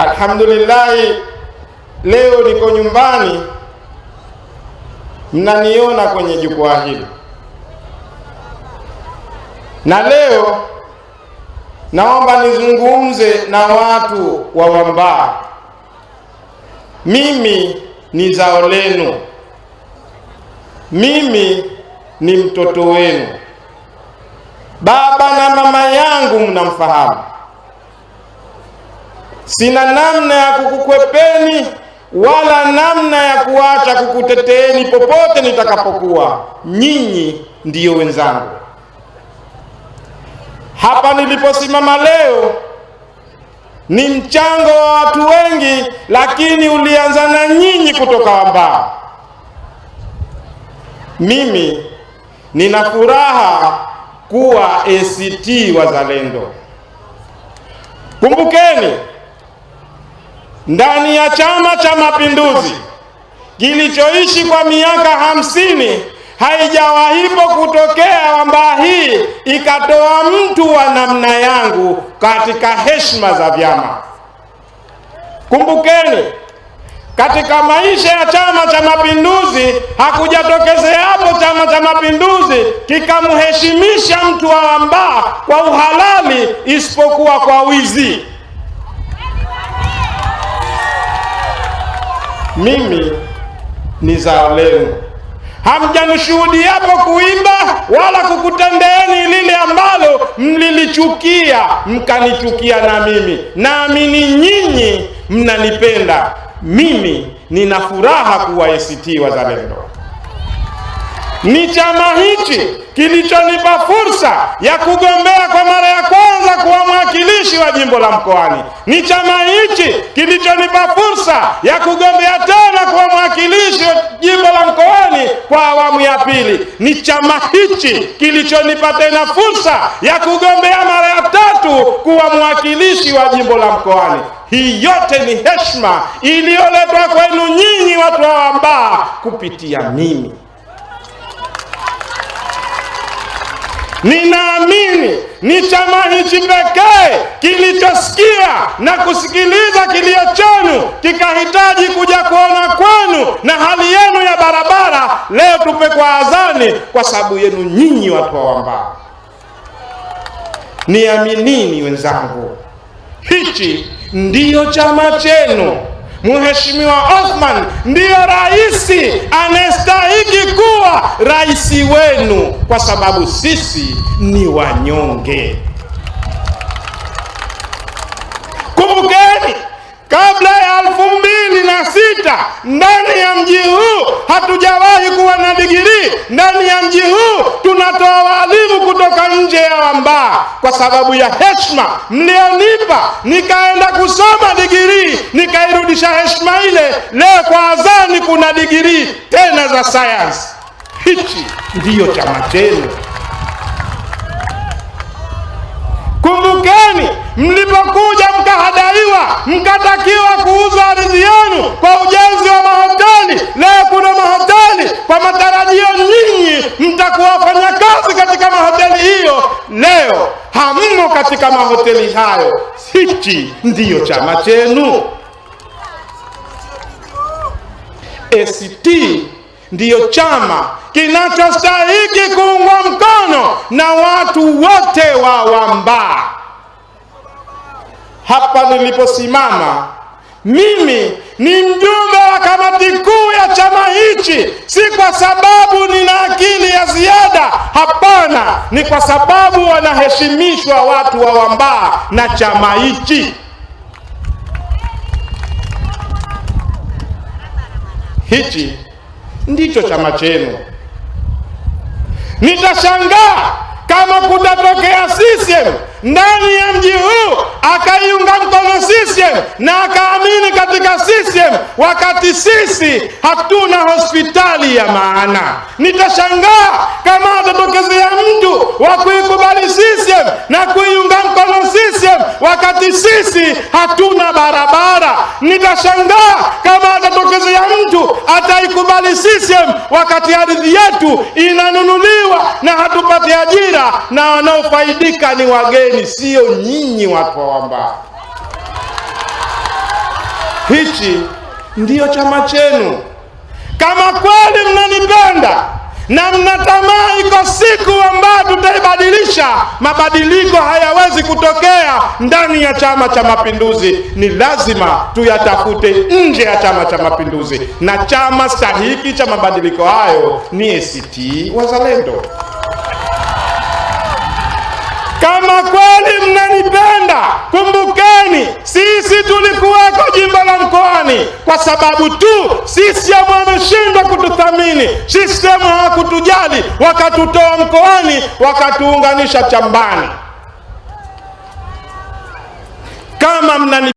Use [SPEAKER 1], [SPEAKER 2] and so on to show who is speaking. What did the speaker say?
[SPEAKER 1] Alhamdulillahi, leo niko nyumbani, mnaniona kwenye jukwaa hili, na leo naomba nizungumze na watu wa Wambaa. Mimi ni zao lenu, mimi ni mtoto wenu. Baba na mama yangu mnamfahamu sina namna ya kukukwepeni wala namna ya kuacha kukuteteeni popote nitakapokuwa. Nyinyi ndiyo wenzangu. Hapa niliposimama leo ni mchango wa watu wengi, lakini ulianza na nyinyi kutoka ambao. Mimi nina furaha kuwa ACT Wazalendo. Kumbukeni ndani ya Chama cha Mapinduzi kilichoishi kwa miaka hamsini haijawahipo kutokea mbaa hii ikatoa mtu wa namna yangu katika heshima za vyama. Kumbukeni, katika maisha ya Chama cha Mapinduzi hakujatokezeapo hapo Chama cha Mapinduzi kikamheshimisha mtu wa mbaa kwa uhalali isipokuwa kwa wizi. mimi ni zalendo. Hamjanishuhudiapo kuimba wala kukutendeeni lile ambalo mlilichukia mkanichukia na mimi, naamini nyinyi mnanipenda mimi, nina furaha kuwa ACT Wazalendo. Ni chama hichi kilichonipa fursa ya kugombea kwa mara ya kwanza kuwa mwakilishi wa jimbo la Mkoani. Ni chama hichi kilichonipa fursa ya kugombea tena kuwa mwakilishi wa jimbo la Mkoani kwa awamu ya pili. Ni chama hichi kilichonipa tena fursa ya kugombea mara ya tatu kuwa mwakilishi wa jimbo la Mkoani. Hii yote ni heshima iliyoletwa kwenu nyinyi watu wa Wambaa kupitia mimi. Ninaamini ni chama hichi pekee kilichosikia na kusikiliza kilio chenu, kikahitaji kuja kuona kwenu na hali yenu ya barabara. Leo tupe kwa azani kwa sababu yenu nyinyi watu wa Wambao. Niaminini wenzangu, hichi ndiyo chama chenu. Mheshimiwa Othman ndiyo rais anayestahiki kuwa rais wenu, kwa sababu sisi ni wanyonge. Kumbukeni, kabla ya elfu mbili na sita ndani ya mji huu hatujawahi kuwa na digrii ndani ya mji huu. Tunatoa walimu kutoka nje ya Wambaa kwa sababu ya heshima mlionipa, nikaenda kusoma digrii nikairudisha heshima ile. Leo kwa Azani kuna digrii tena za sayansi. Hichi ndiyo chama chenu. Kumbukeni mlipokuja kwamba mkatakiwa kuuza ardhi yenu kwa ujenzi wa mahoteli. Leo kuna mahoteli kwa matarajio, nyinyi mtakuwa kazi katika mahoteli hiyo. Leo hammo katika mahoteli hayo. Hichi ndiyo chama chenu. ACT ndiyo chama kinachostahiki kuungwa mkono na watu wote wa Wambaa hapa niliposimama mimi ni mjumbe wa kamati kuu ya chama hichi, si kwa sababu nina akili ya ziada. Hapana, ni kwa sababu wanaheshimishwa watu wa Wambaa na chama hichi. Hichi ndicho chama chenu. Nitashangaa kama kutatokea CCM ndani ya mji huu akaiunga mkono CCM na akaamini katika CCM, wakati sisi hatuna hospitali ya maana. Nitashangaa kama atatokezea mtu wa kuikubali CCM na kui wakati sisi hatuna barabara. Nitashangaa kama atatokezea mtu ataikubali CCM wakati ardhi yetu inanunuliwa na hatupati ajira, na wanaofaidika ni wageni, sio nyinyi watu wa Wambaa. Hichi ndiyo chama chenu. Kama kweli mnanipenda na mnatamani iko siku ambayo tutaibadilisha. Mabadiliko hayawezi kutokea ndani ya Chama cha Mapinduzi, ni lazima tuyatafute nje ya Chama cha Mapinduzi, na chama stahiki cha mabadiliko hayo ni ACT Wazalendo. Kama kweli mnanipenda, kumbuke Mkoani sisi tulikuweko jimbo la Mkoani kwa sababu tu CCM wameshindwa kututhamini. CCM hawakutujali, wakatutoa Mkoani wakatuunganisha Chambani. Kama mnani